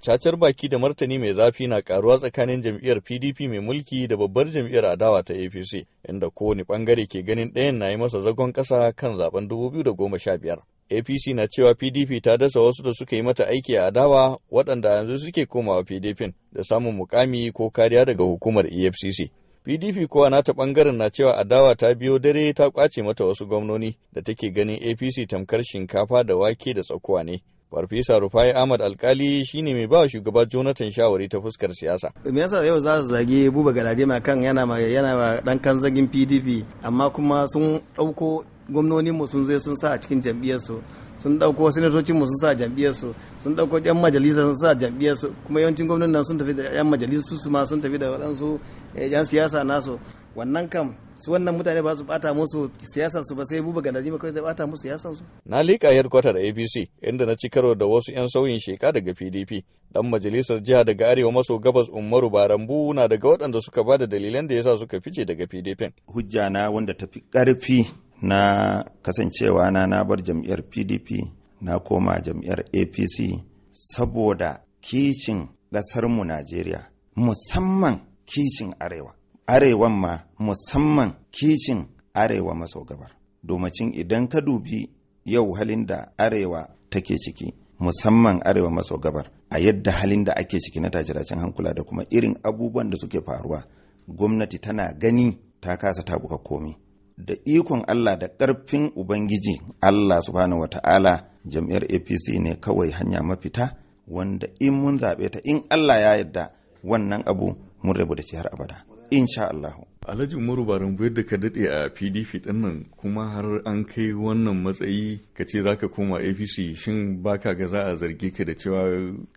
cacar baki da martani mai zafi na karuwa tsakanin jam'iyyar pdp mai mulki da babbar jam'iyyar adawa ta apc inda kowane bangare ke ganin ɗayan na yi masa zagon ƙasa kan zaben 2015 apc na cewa pdp ta dasa wasu da suka yi mata aiki a adawa waɗanda yanzu suke komawa pdp da samun mukami ko kariya daga hukumar efcc pdp kowa nata bangaren na cewa adawa ta biyo dare ta kwace mata wasu gwamnoni da take ganin apc tamkar shinkafa da wake da tsakuwa ne Farfesa Rufai Ahmad Alkali shine mai ba wa shugaba Jonathan shawari ta fuskar siyasa. Me yasa yau za su zage Buba Galadima kan yana yana dan kan zagin PDP amma kuma sun dauko gwamnonin mu sun zai sun sa a cikin jam'iyyar su sun dauko sinatocin mu sun sa a jam'iyyar su sun dauko yan majalisa sun sa a jam'iyyar su kuma yawancin gwamnonin nan sun tafi da yan majalisa su ma sun tafi da waɗansu yan eh, siyasa nasu wannan kam su wannan mutane ba su bata musu siyasa su ba sai buba ga najima kawai zai bata musu siyasa su na liƙa headquarter da APC inda na ci karo da wasu yan sauyin sheka daga PDP dan majalisar jiha daga arewa maso gabas Umaru Barambu na daga waɗanda suka bada dalilan da yasa suka fice daga PDP hujja na wanda tafi karfi na kasancewa na na bar jam'iyyar PDP na koma jam'iyyar APC saboda kishin ƙasarmu Najeriya musamman kishin arewa arewan ma musamman kicin arewa maso gabar domacin idan ka dubi yau halin da arewa take ciki musamman arewa maso gabar a yadda halin da ake ciki na tajiracin hankula da kuma irin abubuwan da suke faruwa gwamnati tana gani ta kasa ta buka komi da ikon Allah da karfin Ubangiji Allah subhanahu wata'ala jam'iyyar APC ne kawai hanya mafita wanda in mun zaɓe ta in Allah ya yarda wannan abu mun rabu da shi har abada. insha Allah Alhaji Umaru Barumbu da ka daɗe a PDP din nan kuma har an kai wannan matsayi ka ce za ka koma APC shin baka ga za a zarge ka da cewa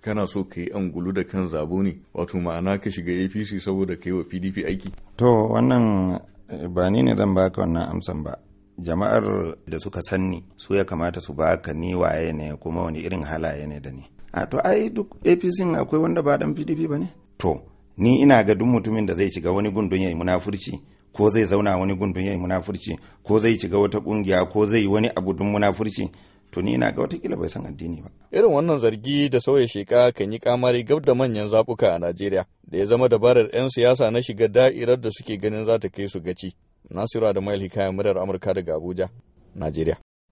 kana so ka yi angulu da kan zabo ne wato ma'ana ka shiga APC saboda ka yi wa PDP aiki to wannan eh, ba ni ne zan baka wannan amsan ba jama'ar da suka sanni su ya kamata su baka ni waye ne kuma wani irin halaye ne da ni a to ai duk apc akwai wanda ba dan pdp ba ne to ni ina ga duk mutumin da zai shiga wani gundun yayi munafurci ko zai zauna wani gundun yayi munafurci ko zai shiga wata kungiya ko zai wani abu dun munafurci to ni ina ga watakila bai san addini ba. Irin wannan zargi da sauya sheka kan yi kamari gab da manyan zaɓuka a Najeriya da ya zama dabarar 'yan siyasa na shiga da'irar da suke ganin za ta kai su gaci. Nasiru Adamu Hikaya murar Amurka daga Abuja, Najeriya.